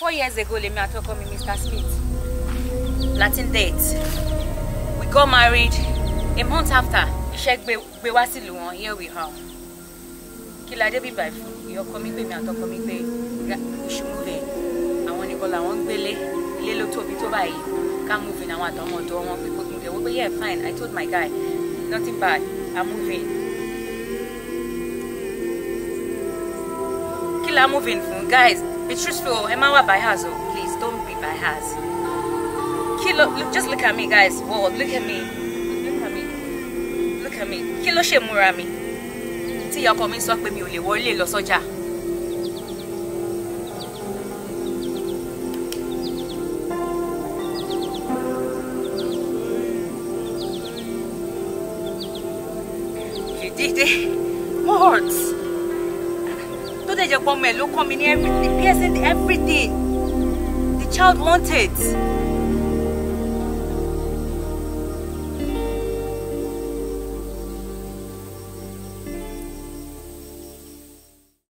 four years ago lèmi àtọkọ me Mr. Smith latin date we got married a month after iṣẹ́ gbé wá sílùú wọn here we are kí la débi bàí fún ìyọkọ me. We should move in. I want to go. làwọn ń gbélé ilé ló tóbi tó báyìí ká moving àwọn àtọmọ ọ̀dọ̀ wọn pé pé ǹjẹ́ wọ́n pé yeah fine I told my guy nothing bad I'm moving. kí la moving fún guys Be truthful. Emma wa bias, oh, please don't be bias. Kí ló, look, just look at me, guys. Whoa, look at me. Look at me. Look at me. Kilo, ló Murami. See mi. coming, so mi sọ pé mi ò lè wọlé lọ sọ́jà. Jide, what? dẹ̀ jẹ́ pọ́nmọ́ ẹ̀ ló kọ́ mi ní everything everything the child wanted.